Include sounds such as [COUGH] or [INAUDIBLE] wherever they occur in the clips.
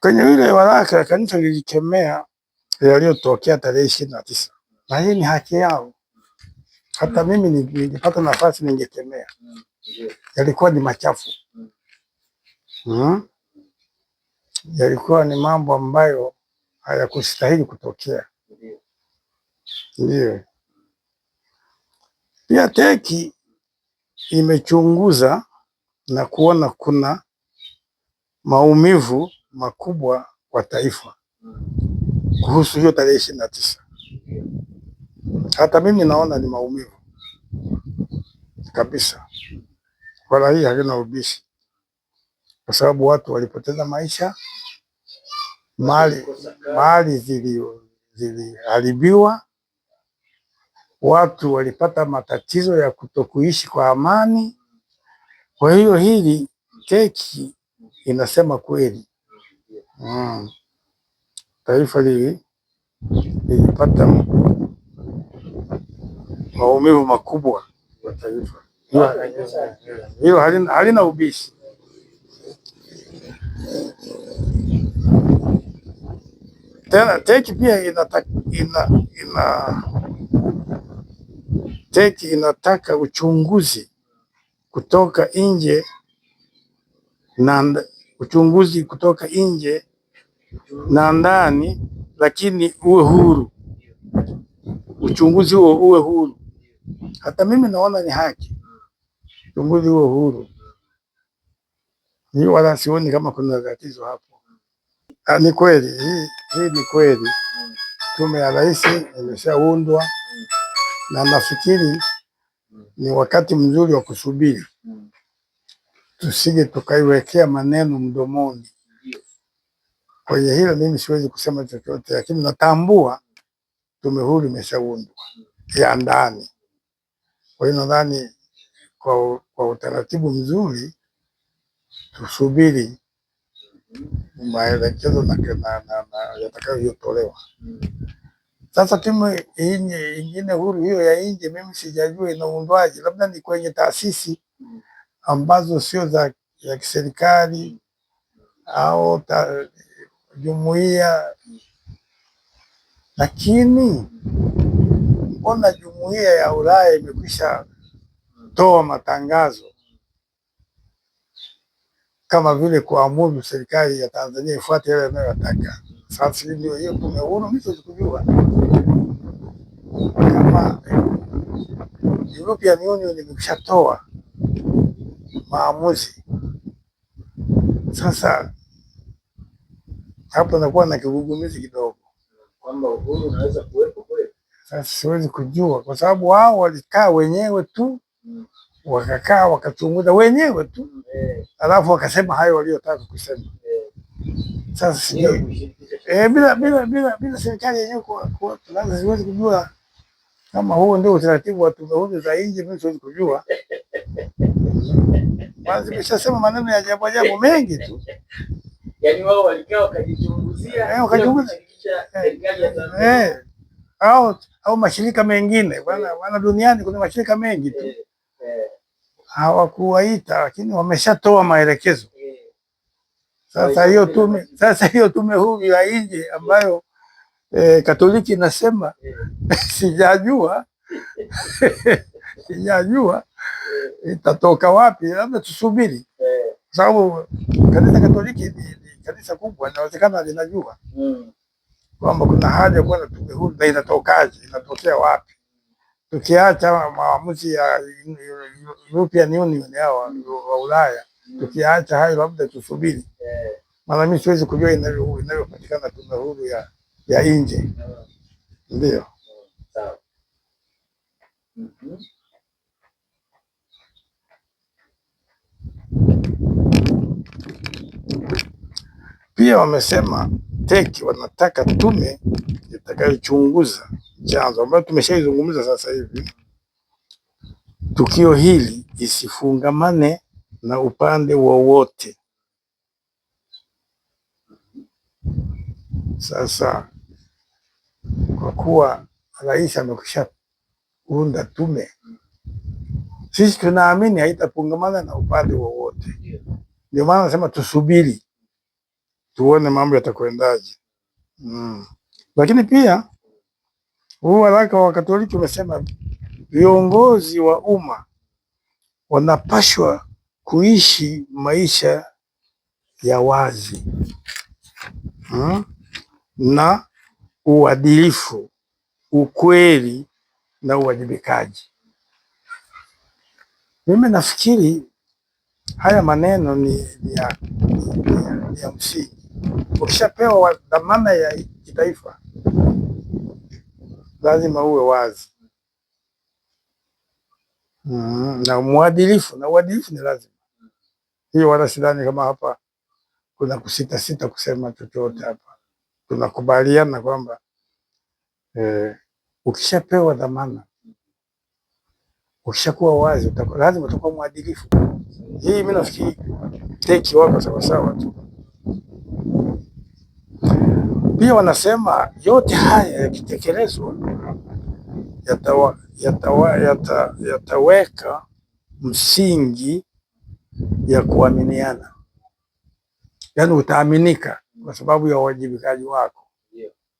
Kwenye ile waraka kanisa lilikemea yaliyotokea tarehe ishirini na tisa na hii ni haki yao. Hata mimi nilipata nafasi ningekemea, yalikuwa ni machafu hmm? Yalikuwa ni mambo ambayo hayakustahili kutokea. ndio pia teki imechunguza na kuona kuna maumivu makubwa kwa taifa kuhusu hiyo tarehe ishirini na tisa. Hata mimi naona ni maumivu kabisa, wala hii halina ubishi, kwa sababu watu walipoteza maisha, mali mali ziliharibiwa, watu walipata matatizo ya kutokuishi kwa amani. Kwa hiyo hili keki inasema kweli mm, taifa lilipata maumivu makubwa ya taifa hiyo, halina, halina ubishi tena. Teki pia inataka, ina, ina, teki inataka uchunguzi kutoka nje na uchunguzi kutoka nje na ndani, lakini uwe huru, uchunguzi huo uwe huru. Hata mimi naona ni haki, uchunguzi huo huru, ni wala sioni kama kuna tatizo hapo. Ah, ni kweli hii, hii ni kweli. Tume ya Rais imeshaundwa na nafikiri ni wakati mzuri wa kusubiri, tusije tukaiwekea maneno mdomoni kwenye hiyo hilo mimi siwezi kusema chochote, lakini natambua tume huru imeshaundwa ya ndani. Kwa hiyo nadhani kwa, kwa utaratibu mzuri tusubiri maelekezo yatakayotolewa. Sasa timu ingine huru hiyo ya nje, mimi sijajua inaundwaje, labda ni kwenye taasisi ambazo sio za ya kiserikali au ta, jumuiya, lakini mbona jumuiya ya Ulaya imekwisha toa matangazo kama vile kuamuru serikali ya Tanzania ifuate yale yanayotaka. Sasa ndio hiyo tume mimi sikujua kama European Union imekwisha toa maamuzi sasa hapo nakuwa na kigugumizi kidogo kwamba uhuru unaweza kuwepo kweli. Sasa siwezi kujua kwa sababu wao walikaa wenyewe tu mm. wakakaa wakachunguza wenyewe tu mm. alafu wakasema hayo waliotaka kusema mm. Sasa si e, bila, bila, bila, bila serikali yenyewe lazima siwezi kujua kama huo ndio utaratibu wa tume huru za nje. Mimi siwezi kujua, [LAUGHS] nimeshasema maneno ya ajabu ajabu mengi tu. Yaani wao walikaa wakajichunguzia eh, eh, eh, au au mashirika mengine bwana bwana, eh. duniani kuna mashirika mengi tu eh, hawakuwaita, lakini wameshatoa maelekezo. Sasa hiyo tume sasa hiyo tume huru ya nje ambayo eh, Katoliki inasema [LAUGHS] sijajua [LAUGHS] sijajua itatoka wapi, labda tusubiri, kwa sababu kanisa Katoliki ni kanisa kubwa, inawezekana linajua mm. kwamba kuna haja kuwa na tume huru na inatokaje, inatokea wapi? Tukiacha maamuzi ya European Union hawa wa Ulaya, tukiacha hayo, labda tusubiri, maana mimi siwezi kujua inavyopatikana tume huru ya, ya nje. Ndio. Pia wamesema TEC wanataka tume itakayochunguza chanzo, ambayo tumeshaizungumza sasa hivi, tukio hili isifungamane na upande wowote. Sasa kwa kuwa rais amekusha unda tume, sisi tunaamini haitafungamana na upande wowote, ndio maana nasema tusubiri tuone mambo yatakwendaje. Mm. Lakini pia huu waraka wa Katoliki umesema viongozi wa umma wanapashwa kuishi maisha ya wazi mm, na uadilifu, ukweli na uwajibikaji. Mimi nafikiri haya maneno ni ya msingi ukishapewa dhamana ya kitaifa lazima uwe wazi mm, na mwadilifu na uadilifu ni lazima hiyo. Wala sidhani kama hapa kuna kusita sita kusema chochote hapa. Tunakubaliana kwamba eh, ukishapewa dhamana, ukishakuwa wazi, lazima utakuwa mwadilifu. Hii mimi nafikiri teki wako sawasawa tu. Pia wanasema yote haya yakitekelezwa yatawa, yatawa, yata, yataweka msingi ya kuaminiana, yaani utaaminika kwa sababu ya uwajibikaji wako.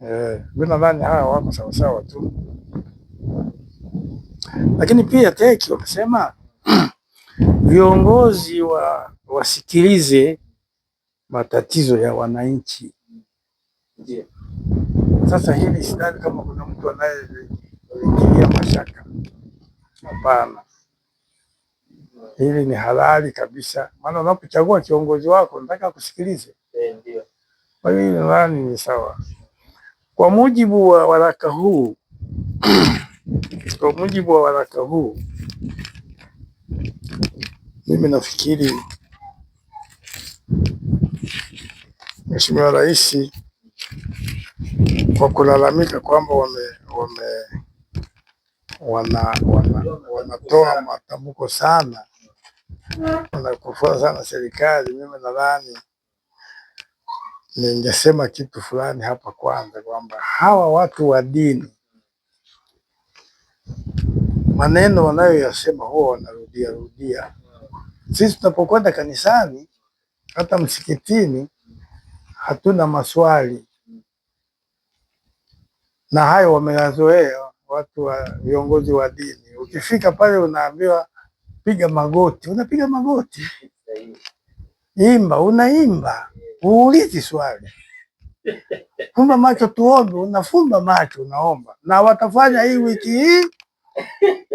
Eh, mi nadhani hawa wako sawasawa tu, lakini pia teki wakasema [CLEARS THROAT] viongozi wa wasikilize matatizo ya wananchi Ndiyo. Sasa hili sidhani kama kuna mtu anayetilia mashaka. Hapana, hili ni halali kabisa, maana unapochagua kiongozi wako nataka kusikilize. Eh, kwa hiyo hili nadhani ni sawa kwa mujibu wa waraka huu kwa mujibu wa waraka huu, mimi nafikiri Mheshimiwa Rais kwa kulalamika kwamba wame, wame wana, wana, wanatoa matamko sana kufuata sana serikali. Mimi nadhani ningesema kitu fulani hapa kwanza, kwamba hawa watu wa dini maneno wanayoyasema huwa wanarudia rudia. Sisi tunapokwenda kanisani hata msikitini hatuna maswali na hayo wameyazoea watu wa viongozi wa dini. Ukifika pale unaambiwa piga magoti, unapiga magoti, imba, unaimba, uulizi swali, fumba macho tuombe, unafumba macho unaomba. Na watafanya hii wiki hii,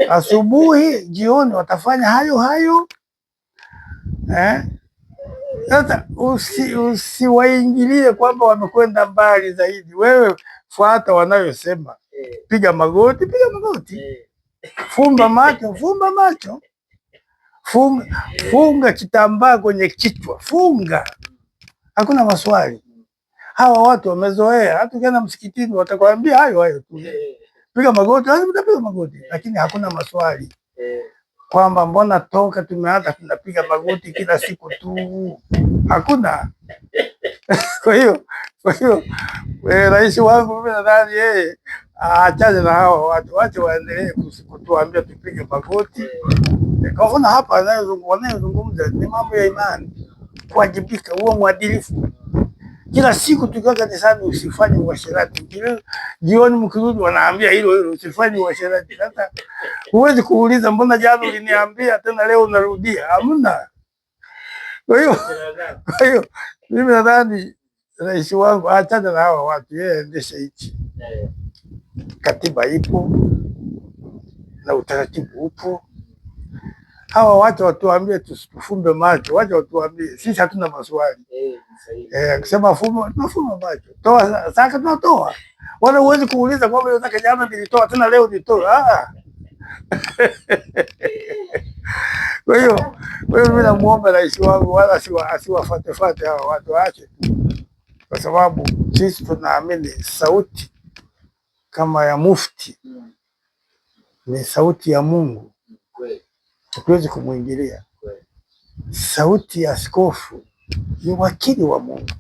asubuhi, jioni, watafanya hayo hayo eh? Sasa usiwaingilie usi kwamba wamekwenda mbali zaidi. Wewe fuata wanayosema eh. Piga magoti, piga magoti eh. Fumba macho, fumba macho funga, eh. Funga kitambaa kwenye kichwa, funga, hakuna maswali. Hawa watu wamezoea, hata ukienda msikitini watakwambia hayo hayo tu eh. Piga magoti, lazima utapiga magoti eh. Lakini hakuna maswali eh kwamba mbona toka tumeanza tunapiga magoti kila siku tu, hakuna. [LAUGHS] Kwa hiyo kwa hiyo Eh, rais wangu mimi nadhani yeye achane na hao watu, wache waendelee kutuambia tupige magoti. Kaona hapa wanayozungumza ni mambo ya imani, kuwajibika, uwe mwadilifu kila siku tukiwa kanisani, usifanye uasherati. Jioni mkirudi, wanaambia hilo hilo, usifanye uasherati. Sasa huwezi kuuliza, mbona jana uliniambia tena leo unarudia? Hamna. Kwa hiyo mimi nadhani rais wangu aachana na hawa watu, yeye aendeshe nchi. Eh. Katiba ipo na utaratibu upo. Hawa watu watuambie, tusifumbe macho, wacha watuambie, sisi hatuna maswali. Eh, eh, akisema fumo, tunafuma macho. Toa saka, tunatoa. Wala uwezi kuuliza kwamba nataka jana nilitoa tena leo nitoe. Ah. [LAUGHS] Kwa hiyo mimi namuomba rais wangu wala asiwafatefate hawa watu, aache tu kwa sababu sisi tunaamini sauti kama ya mufti ni sauti ya Mungu, hatuwezi kumwingilia. Sauti ya askofu ni wakili wa Mungu,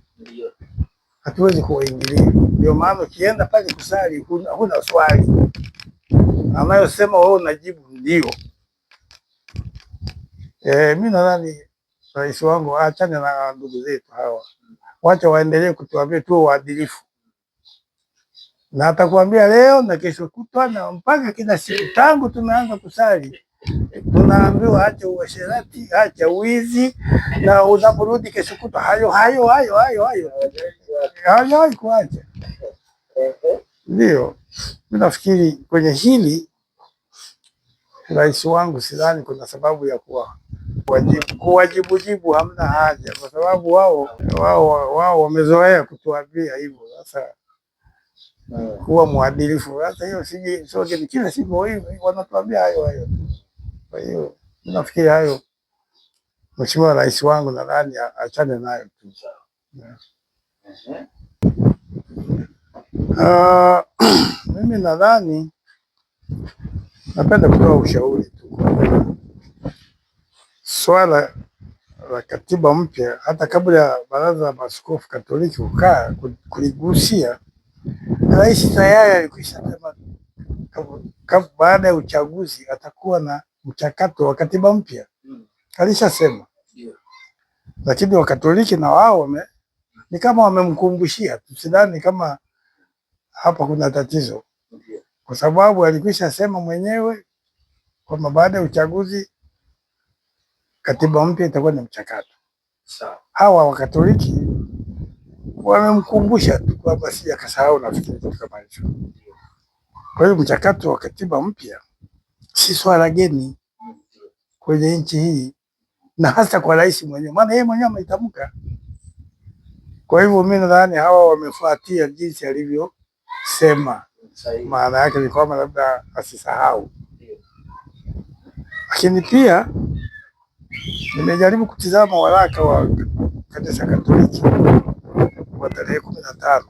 hatuwezi kuwaingilia. Ndio maana ukienda pale kusali, huna, huna swali anayosema wewe unajibu ndio. E, eh, mi nadhani rais wangu aachane na ndugu zetu hawa wacha waendelee kutuambia tuwe waadilifu, na atakuambia leo na kesho kutwa na mpaka kila siku. Tangu tumeanza kusali tunaambiwa acha uasherati, acha uizi, na unaporudi kesho kutwa hayo hayo hayo hayo hayo hayo kuacha. Ndio nafikiri kwenye hili, rais wangu, sidhani kuna sababu ya kuwa kuwajibujibu hamna haja, kwa sababu wao wao wao wamezoea kutuambia hivyo. Sasa kuwa mwadilifu, sasa hiyo sije sote ni kila siku wanatuambia hayo hayo. Kwa hiyo nafikiri hayo Mheshimiwa Rais wangu nadhani achane nayo tu. Uh-huh. Uh, [CLEARS THROAT] mimi nadhani napenda kutoa ushauri tu swala la katiba mpya hata kabla ya Baraza la Maaskofu Katoliki kukaa kuligusia, rais tayari alikwisha sema baada ya uchaguzi atakuwa na mchakato wa katiba mpya hmm. alishasema, lakini Wakatoliki na wao wame ni kama wamemkumbushia. Tusidhani kama hapa kuna tatizo, kwa sababu alikwisha sema mwenyewe kwamba baada ya uchaguzi katiba mpya itakuwa ni mchakato. Hawa Wakatoliki wamemkumbusha tu kwamba si akasahau, nafikiri kitu kama hicho. Kwa hiyo mchakato wa katiba mpya si swala geni kwenye nchi hii na hasa kwa rais mwenyewe, maana yeye mwenyewe ameitamka. Kwa hivyo mi nadhani hawa wamefuatia jinsi alivyosema. Maana yake ni kwamba labda asisahau, lakini pia Nimejaribu kutizama waraka wa kanisa Katoliki wa tarehe kumi na tano,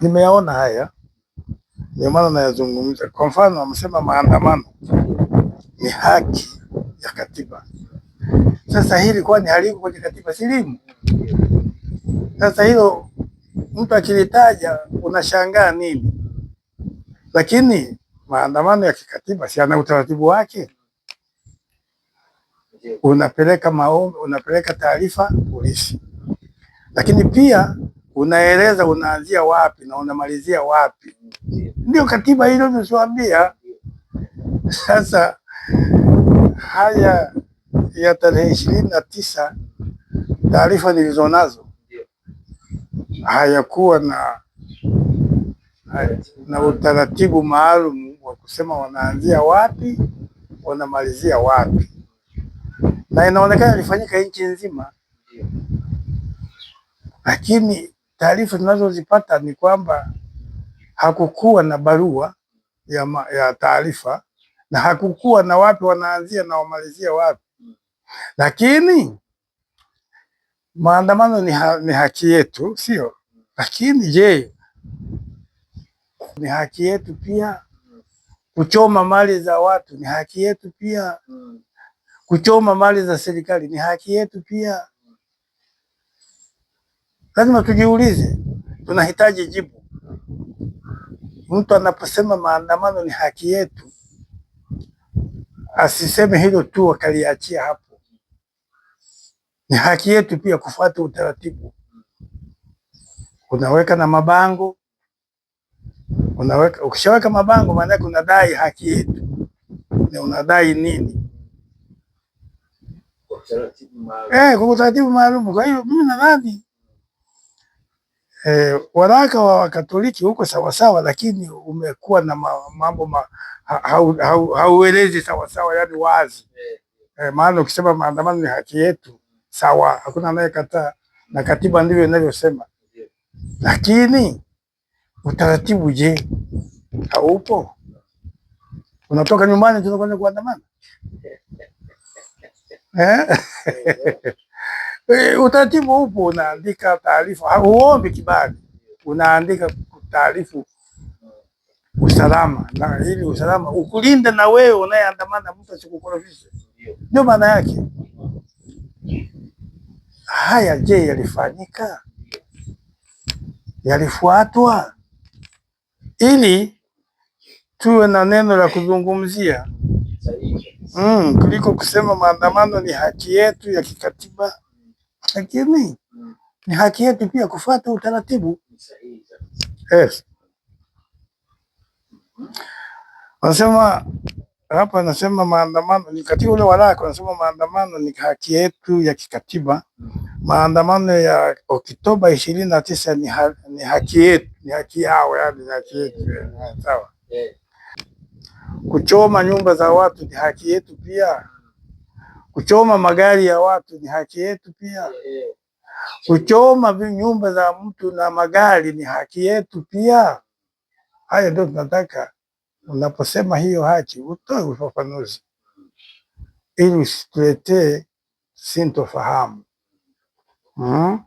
nimeyaona haya, ndio maana nayazungumza. Kwa mfano, amesema maandamano ni haki ya katiba. Sasa hili kwani haliko kwenye katiba? Silimu. Sasa hilo mtu akilitaja unashangaa nini? Lakini maandamano ya kikatiba si ana utaratibu wake unapeleka maombi, unapeleka taarifa polisi, lakini pia unaeleza unaanzia wapi na unamalizia wapi. Ndio katiba hilo tusiwambia. Sasa haya ya tarehe ishirini na tisa, taarifa nilizonazo hayakuwa na na utaratibu maalum wa kusema wanaanzia wapi wanamalizia wapi na inaonekana ilifanyika nchi nzima, lakini taarifa tunazozipata ni kwamba hakukuwa na barua ya, ya taarifa na hakukuwa na wapi wanaanzia na wamalizia wapi, lakini maandamano ni, ha, ni haki yetu sio? Lakini je, ni haki yetu pia kuchoma mali za watu? Ni haki yetu pia kuchoma mali za serikali ni haki yetu pia. Lazima tujiulize, tunahitaji jibu. Mtu anaposema maandamano ni haki yetu, asiseme hilo tu wakaliachia hapo. Ni haki yetu pia kufuata utaratibu, unaweka na mabango unaweka. Ukishaweka mabango, maanake unadai haki yetu. Ni unadai nini? eh, kwa utaratibu maalum. Kwa hiyo mimi nadhani eh, waraka wa Wakatoliki huko sawasawa, lakini umekuwa na mambo ma, hauelezi sawasawa, yani wazi eh, eh. eh, maana ukisema maandamano ni haki yetu sawa, hakuna anayekataa na katiba ndivyo inavyosema, lakini utaratibu je, haupo? Unatoka nyumbani tunakwenda kuandamana? Eh. Eh? [LAUGHS] eh? Utaratibu upo, unaandika taarifa, hauombi kibali, unaandika taarifu usalama, na ili usalama ukulinda na wewe unayeandamana, mtu asikukorofishe. Ndio maana yake. Haya, je, yalifanyika? Yalifuatwa? Ili tuwe na neno la kuzungumzia mm, kuliko kusema maandamano ni haki yetu ya kikatiba, lakini ni haki yetu pia kufuata utaratibu. Yes. Wanasema hapa, anasema maandamano ni katika ule waraka, wanasema maandamano ni haki yetu ya kikatiba. Maandamano ya Oktoba ishirini na tisa ni haki yetu, ni haki yao, yani ni haki yetu. Sawa. Kuchoma nyumba za watu ni haki yetu pia. Kuchoma magari ya watu ni haki yetu pia. Kuchoma nyumba za mtu na magari ni haki yetu pia. Haya ndio tunataka. Unaposema hiyo haki, utoe ufafanuzi ili usituletee sintofahamu. Mm.